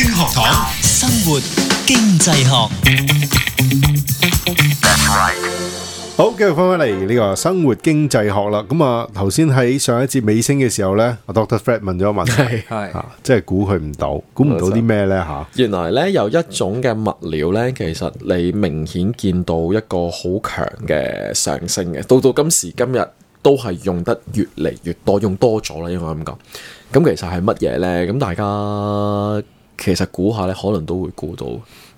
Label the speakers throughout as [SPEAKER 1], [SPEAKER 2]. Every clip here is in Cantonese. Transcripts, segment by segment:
[SPEAKER 1] 星河
[SPEAKER 2] 廠生活經濟學，好，繼續翻返嚟呢個生活經濟學啦。咁啊，頭先喺上一節尾聲嘅時候呢，我 Doctor Fred 問咗個問題，係啊，
[SPEAKER 1] 即係估佢唔到，估唔到啲咩呢吓？
[SPEAKER 2] 原來呢有一種嘅物料呢，其實你明顯見到一個好強嘅上升嘅，到到今時今日都係用得越嚟越多，用多咗啦，應該咁講。咁其實係乜嘢呢？咁大家。其實估下咧，可能都會估到，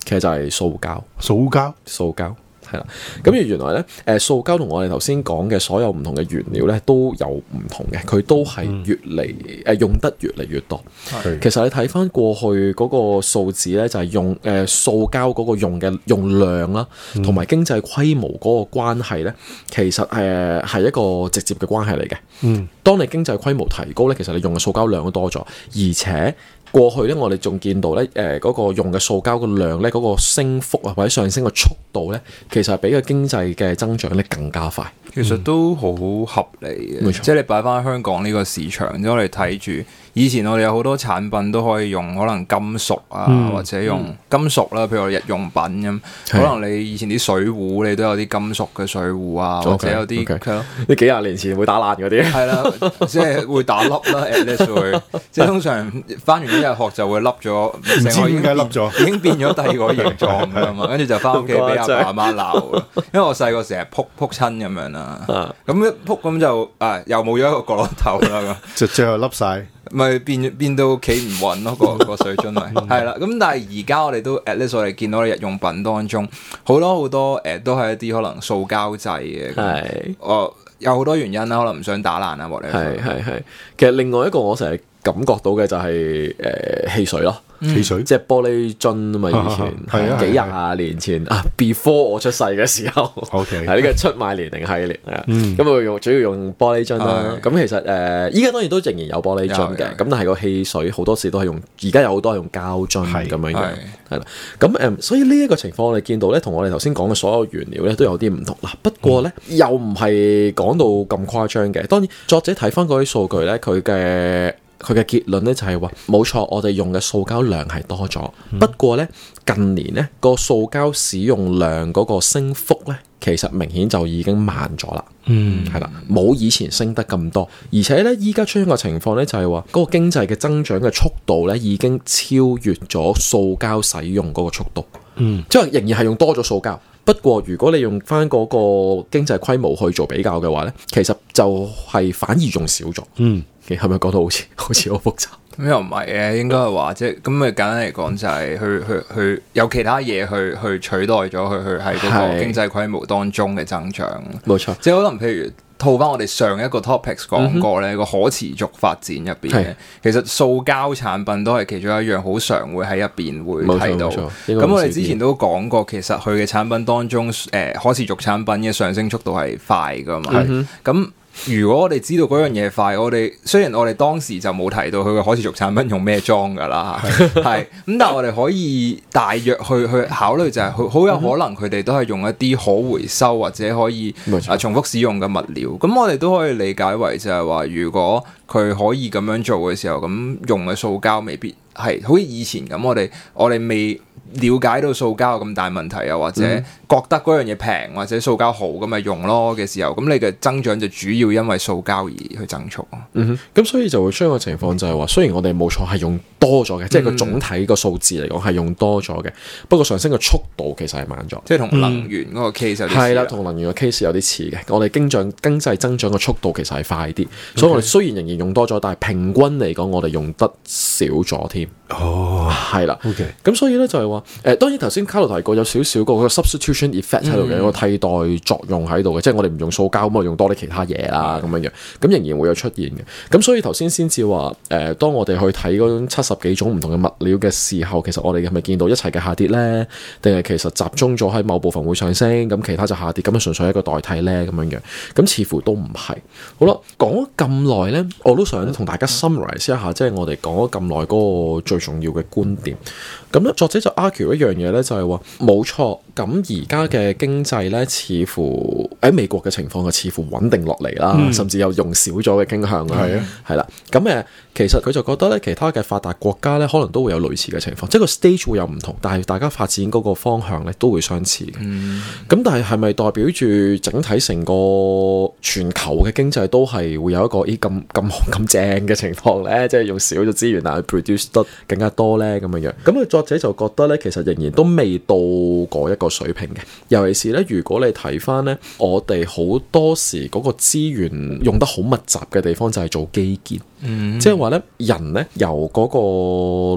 [SPEAKER 2] 其實就係塑膠。塑膠，塑膠係啦。咁原來咧，誒，塑膠同我哋頭先講嘅所有唔同嘅原料咧，都有唔同嘅，佢都係越嚟誒、嗯啊、用得越嚟越多。的其實你睇翻過去嗰個數字咧，就係、是、用誒塑膠嗰個用嘅用量啦，同埋、嗯、經濟規模嗰個關係咧，其實誒係一個直接嘅關係嚟嘅。嗯，當你經濟規模提高咧，其實你用嘅塑膠量都多咗，而且。過去咧，我哋仲見到咧，誒、呃、嗰、嗰個用嘅塑膠個量咧，嗰、嗰個升幅或者
[SPEAKER 1] 上升嘅速度咧，其實係比個經濟嘅增長咧更加快。其實都好合理嘅，即係你擺翻香港呢個市場，咁我哋睇住以前我哋有好多產品都可以用，可能金屬啊或者用金屬啦，譬如我日用品咁，可能你以前啲水壺你都有啲金屬嘅水壺啊，或者有啲，係幾廿年前會打爛嗰啲，係啦，即係會打凹啦，即係通常翻完一日學就會凹咗，唔知點解凹咗，已經變咗第二個形狀噶嘛，跟住就翻屋企俾阿爸阿媽鬧，因為我細個成日撲撲親咁樣啦。啊，咁一扑咁就啊，又冇咗一個角落頭啦， 就最後凹曬，咪 變變到企唔穩咯，個個水樽咪係啦。咁 但係而家我哋都 at least 我哋見到日用品當中好多好多誒，都係一啲可能塑膠製嘅，係哦，有好多原因啦，可能唔想打爛啊，或者係係係。其實另外一個我成日感覺到嘅就係、
[SPEAKER 2] 是、誒、呃、汽水咯。汽水即係玻璃樽啊嘛，以前係啊，幾廿年前啊，before 我出世嘅時候，ok 係呢個出賣年齡系列啊，咁啊用主要用玻璃樽啦，咁其實誒，依家當然都仍然有玻璃樽嘅，咁但係個汽水好多時都係用，而家有好多係用膠樽咁樣嘅，係啦，咁誒，所以呢一個情況我哋見到咧，同我哋頭先講嘅所有原料咧都有啲唔同啦，不過咧又唔係講到咁誇張嘅，當然作者睇翻嗰啲數據咧，佢嘅。佢嘅結論咧就係話，冇錯，我哋用嘅塑膠量係多咗，嗯，不過呢，近年呢個塑膠使用量嗰個升幅呢，其實明顯就已經慢咗啦。嗯，係啦，冇以前升得咁多，而且呢，依家出現個情況呢，就係話，嗰個經濟嘅增長嘅速度呢，已經超越咗塑膠使用嗰個速度。嗯，即係仍然係用多咗塑膠。不過如果你用翻嗰個經濟規模去做比較嘅話咧，其實就係反而仲少咗。嗯，你係咪講得好似好似好複雜？
[SPEAKER 1] 咁又唔係嘅，應該係話即係咁咪簡單嚟講就係去去去有其他嘢，去去取代咗佢去喺嗰個經濟規模當中嘅增長。冇錯，錯即係可能譬如。套翻我哋上一個 topics 講過咧，個、嗯、哼可持續發展入邊嘅，是其實塑膠產品都係其中一樣好常會喺入邊會睇到。咁錯我哋之前都講過，其實佢嘅產品當中，誒、呃、可持續產品嘅上升速度係快噶嘛。咁、嗯哼如果我哋知道嗰樣嘢快，我哋雖然我哋當時就冇提到佢嘅可持續產品用咩裝㗎喇，係咁， 但係我哋可以大約去去考慮就係、是、好，好有可能佢哋都係用一啲可回收或者可以啊重複使用嘅物料。咁錯我哋都可以理解為就係話，如果佢可以咁樣做嘅時候，咁用嘅塑膠未必係，好似以前咁，我哋我哋未，了解到塑膠有咁大問題啊，或者覺得嗰樣嘢平或者塑膠好咁咪用咯嘅時候，咁你嘅增長就主要因為塑膠而去增速，嗯哼，
[SPEAKER 2] 咁所以就會出現個情況就係話雖然我哋冇錯係用多咗嘅，即係個總體個數字嚟講係用多咗嘅，嗯、不過上升個速度其實係慢咗。即係同能
[SPEAKER 1] 源嗰個 case 有啲似啦，
[SPEAKER 2] 同能源個 case 有啲似嘅。嗯、 我哋經濟經濟增長個速度其實係快啲，Okay. 所以我哋雖然仍然用多咗，但係平均嚟講我哋用得少咗添。哦，係啦。O K，咁所以咧就係話。誒，當然頭先卡路提過有少少個 substitution effect 喺度嘅一個替代作用喺度嘅，嗯、即係我哋唔用塑膠咁啊，用多啲其他嘢啦，咁樣樣，咁仍然會有出現嘅。咁所以頭先先至話，誒，當我哋去睇嗰種七十幾種唔同嘅物料嘅時候，其實我哋係咪見到一齊嘅下跌咧？定係其實集中咗喺某部分會上升，咁其他就下跌，咁啊純粹係一個代替咧，咁樣樣，咁似乎都唔係。好啦，講咗咁耐咧，我都想同大家 summarize 一下，即係我哋講咗咁耐嗰個最重要嘅觀點。咁咧，作者就。阿喬、啊、一樣嘢咧，就係話冇錯。咁而家嘅經濟咧，似乎喺美國嘅情況就似乎穩定落嚟啦，甚至有用少咗嘅傾向，係啦、mm. 係啦。咁誒，其實佢就覺得咧，其他嘅發達國家咧，可能都會有類似嘅情況，mm. 即係個 stage 會有唔同，但係大家發展嗰個方向咧，都會相似嘅。咁、mm. 但係係咪代表住整體成個全球嘅經濟都係會有一個咦咁咁好咁正嘅情況咧？即係用少咗資源，但係 produce 得更加多咧咁樣樣。咁佢作者就覺得咧，其實仍然都未到嗰一。個水平嘅，尤其是咧，如果你睇返咧，我哋好多時嗰個資源用得好密集嘅地方，就係做基建，即係話咧，人咧由嗰個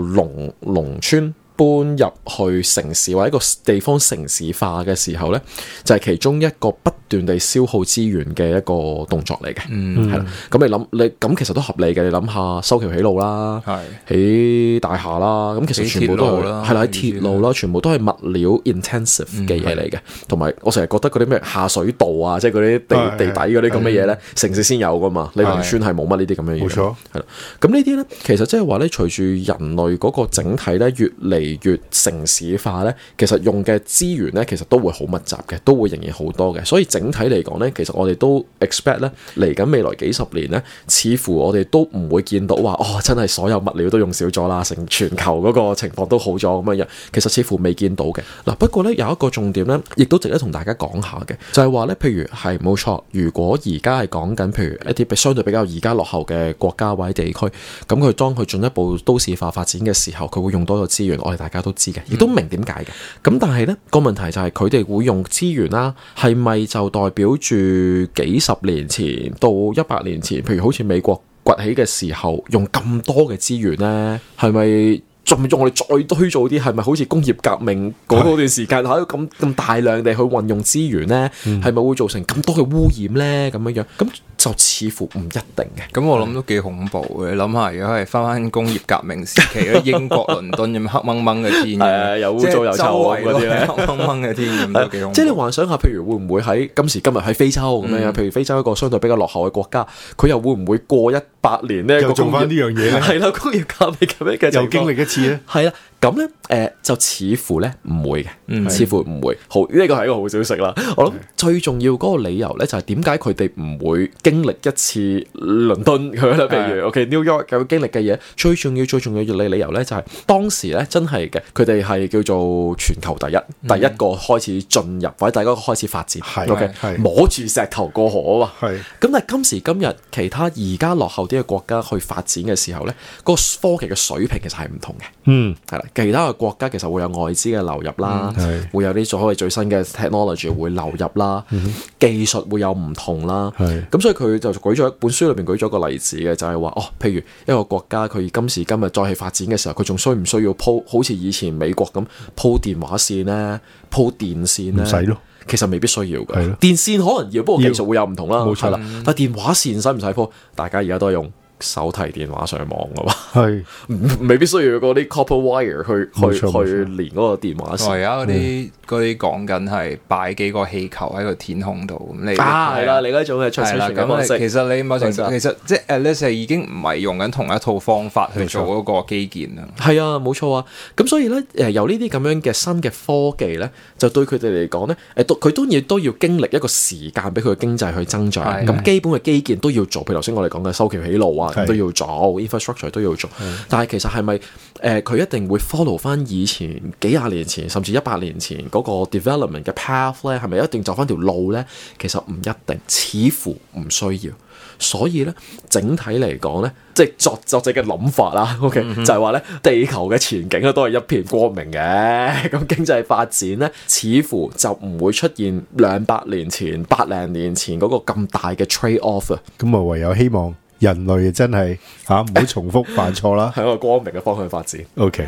[SPEAKER 2] 農農村搬入去城市，或者個地方城市化嘅時候咧，就係、是、其中一個不。斷地消耗資源嘅一個動作嚟嘅，係啦，咁你諗，你咁其實都合理嘅。你諗下修橋起路啦，係起大廈啦，咁其實全部都好。係啦，喺鐵路啦，全部都係物料 intensive 嘅嘢嚟嘅。同埋，我成日覺得嗰啲咩下水道啊，即係嗰啲地地底嗰啲咁嘅嘢，咧，城市先有噶嘛，你農村係冇乜呢啲咁嘅嘢。冇錯，係啦。咁呢啲咧，其實即係話咧，隨住人類嗰個整體咧越嚟越城市化咧，其實用嘅資源咧，其實都會好密集嘅，都會仍然好多嘅，所以整。整體嚟講咧，其實我哋都 expect 咧，嚟緊未來幾十年咧，似乎我哋都唔會見到話，哦，真係所有物料都用少咗啦，成全球嗰個情況都好咗咁樣樣，其實似乎未見到嘅。嗱，不過咧有一個重點咧，亦都值得同大家講下嘅，就係話咧，譬如係冇錯，如果而家係講緊譬如一啲相對比較而家落後嘅國家或者地區，咁佢當佢進一步都市化發展嘅時候，佢會用多個資源，我哋大家都知嘅，亦都明點解嘅。咁、嗯、但係咧個問題就係佢哋會用資源啦，係咪就？就代表住幾十年前到一百年前，譬如好似美國崛起嘅時候，用咁多嘅資源咧，係咪？盡用我哋再推造啲，係咪好似工業革命嗰段時間喺咁咁大量地去運用資源咧？係咪、嗯、會造成咁多嘅污染咧？咁樣樣咁
[SPEAKER 1] 就似乎唔一定嘅。咁、嗯、我諗都幾恐怖嘅。你諗下如果係翻翻工業革命時期， 英國倫敦咁黑掹掹嘅天，係啊， 又污糟又臭嗰啲黑掹掹嘅天，即係
[SPEAKER 2] 你幻想下，譬如會唔會喺今時今日喺非洲咁樣？嗯、譬如非洲一個相對比較落後嘅國家，佢又會唔會過一八年咧又做翻呢樣嘢咧，係啦，工業革命咁樣嘅，又經歷一次咧，係啊。咁咧，誒、呃、就似乎咧唔會嘅，嗯、似乎唔會。好，呢個係一個好消息啦。我諗最重要嗰個理由咧，就係點解佢哋唔會經歷一次倫敦譬如是 OK New York 有經歷嘅嘢，最重要、最重要嘅理理由咧，就係、是、當時咧真係嘅，佢哋係叫做全球第一，嗯、第一個開始進入或者第一個開始發展。OK，摸住石頭過河啊嘛。係是。咁但係今時今日，其他而家落後啲嘅國家去發展嘅時候咧，個科技嘅水平其實係唔同嘅。嗯，係啦、嗯。嗯其他嘅國家其實會有外資嘅流入啦，嗯、會有啲所謂最新嘅 technology 會流入啦，嗯嗯、技術會有唔同啦。咁是所以佢就舉咗一本書裏邊舉咗個例子嘅，就係話哦，譬如一個國家佢今時今日再係發展嘅時候，佢仲需唔需要鋪好似以前美國咁鋪電話線呢？鋪電線呢？其實未必需要嘅。的電線可能要，不過技術會有唔同啦要冇錯啦，係啦、嗯。但電話線使唔使鋪？大家而家都係用手提電話上網嘅嘛，未必需要嗰啲 copper wire 去去去連嗰個電話線。係啊，嗰啲
[SPEAKER 1] 啲講緊係擺幾個氣球喺個天空度你啊，係啦，你
[SPEAKER 2] 嗰種嘅傳輸咁，其實你
[SPEAKER 1] 某程度其實即係 a l e 已經唔係用緊同一套方法去做嗰個基建啦。係啊，冇錯啊。咁所以咧，誒由呢啲咁樣嘅新嘅科技咧，就
[SPEAKER 2] 對佢哋嚟講咧，誒，佢當然都要經歷一個時間俾佢經濟去增長。咁基本嘅基建都要做，譬如頭先我哋講嘅修橋起路啊。都要做 infrastructure 都要做，嗯、但係其實係咪誒佢一定會 follow 翻，以前幾廿年前甚至一百年前嗰個 development 嘅 path 咧？係咪一定走翻條路咧？其實唔一定，似乎唔需要。所以咧，整體嚟講咧，即係作作者嘅諗法啦。OK，嗯嗯，就係話咧，地球嘅前景咧都係一片光明嘅。咁 經濟發展咧，似乎就唔會出現兩百年前、百零年前嗰個咁大嘅 trade off 啊。咁啊，唯有希望。人類真係嚇唔好重複犯錯啦，喺 個光明嘅方向發展。OK。